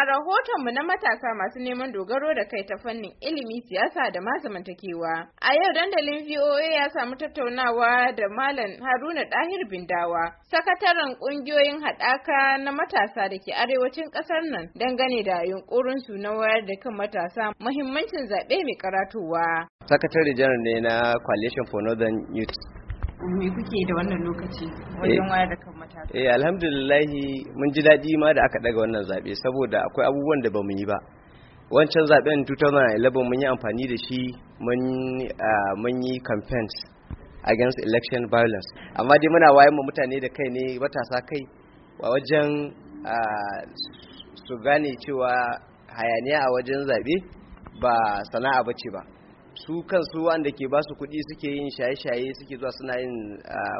A rahotonmu na matasa masu neman dogaro da kai ta fannin ilimi, siyasa da ma zamantakewa. A yau dandalin VOA ya samu tattaunawa da Malam Haruna Dahir Bindawa, sakataren kungiyoyin haɗaka na matasa da ke arewacin ƙasar nan dangane da yunkurin su na wayar da kan matasa muhimmancin zaɓe mai karatuwa. Sakatare janar ne na Coalition for Northern Youth me kuke da wannan lokaci eh, wajen waya da kan matasa eh alhamdulillahi mun ji daɗi ma da aka daga wannan zaɓe saboda akwai abubuwan da ba mu yi ba wancan zaben 2011 mun yi amfani da shi mun yi campaigns against election violence amma dai muna wayan ma mutane da kai ne matasa kai a wajen su gane cewa hayaniya a wajen zaɓe ba sana'a bace ba su kan kansu wanda ke ba su kuɗi suke yin shaye-shaye suke zuwa suna yin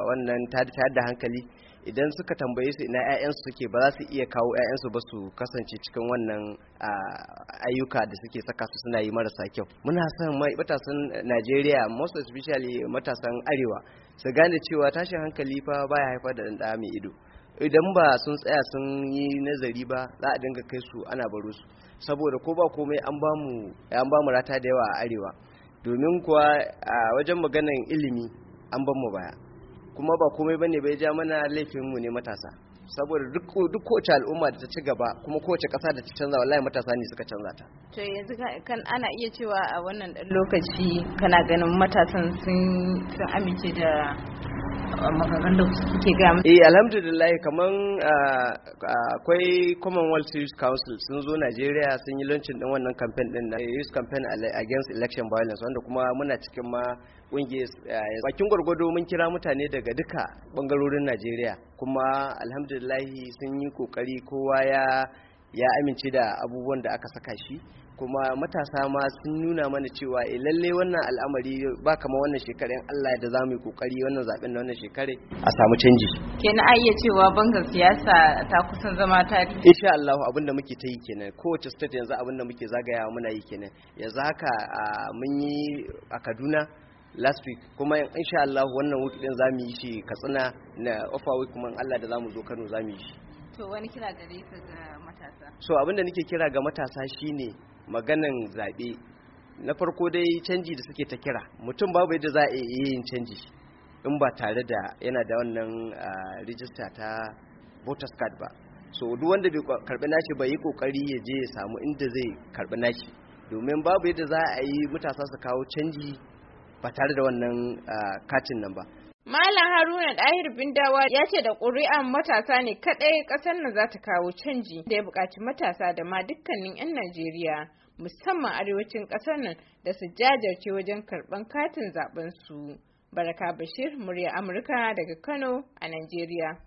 wannan tayar da hankali idan suka tambaye su ina 'ya'yansu suke ba za su iya kawo 'ya'yansu ba su kasance cikin wannan ayyuka da suke saka su suna yi marasa kyau muna son matasan najeriya most especially matasan arewa su gane cewa tashin hankali fa baya haifar da ɗanɗa mai ido idan ba sun tsaya sun yi nazari ba za a dinga kai su ana baro su saboda ko ba komai an ba mu rata da yawa a arewa domin kuwa a wajen maganan ilimi an ban mu baya kuma ba komai bane bai ja mana laifinmu ne matasa saboda duk duk kowace al'umma da ta ci gaba kuma kowace ƙasa da ta canza wallahi matasa ne suka canza ta to yanzu kan ana iya cewa a wannan lokaci kana ganin matasan sun amince da da eh alhamdulillah kaman ah, ah, akwai Commonwealth Youth Council sun zo Najeriya sun yi launching din wannan campaign din na eh, Youth Campaign Against Election Violence wanda kuma muna cikin ma kungiyar ah, bakin gwargwado mun kira mutane daga duka bangarorin Najeriya kuma alhamdulillah sun yi kokari kowa ya ya amince da abubuwan da aka saka shi kuma matasa ma sun nuna mana cewa e lalle wannan al'amari ba kama wannan shekarun Allah da za mu yi kokari wannan zaben da wannan shekare a samu canji kenan a iya cewa bangar siyasa ta kusan zama tarihi insha Allah abin da muke ta yi kenan kowace state yanzu abin da muke zagaya muna yi kenan yanzu haka mun yi a Kaduna last week kuma insha Allah wannan week din mu yi shi Katsina na offer week kuma Allah da zamu zo Kano zamu yi shi to wani kira gare ka ga matasa so abinda nake kira ga matasa shine maganan zaɓe na farko dai canji da suke ta kira mutum babu yadda za a iya yin canji in ba tare da yana da wannan rijista ta voters card ba so duk wanda bai karbi nashi ba yi kokari ya je ya samu inda zai karbi nashi domin babu yadda za a yi matasa su kawo canji ba tare da wannan katin nan ba Malam Haruna Dahir Bindawa ya ce da ƙuri'an matasa ne kaɗai ƙasar nan za ta kawo canji da ya buƙaci matasa da ma dukkanin 'yan Najeriya musamman arewacin ƙasar nan da su jajirce wajen karɓan katin zaɓensu. Baraka Bashir, murya Amurka daga Kano a Najeriya.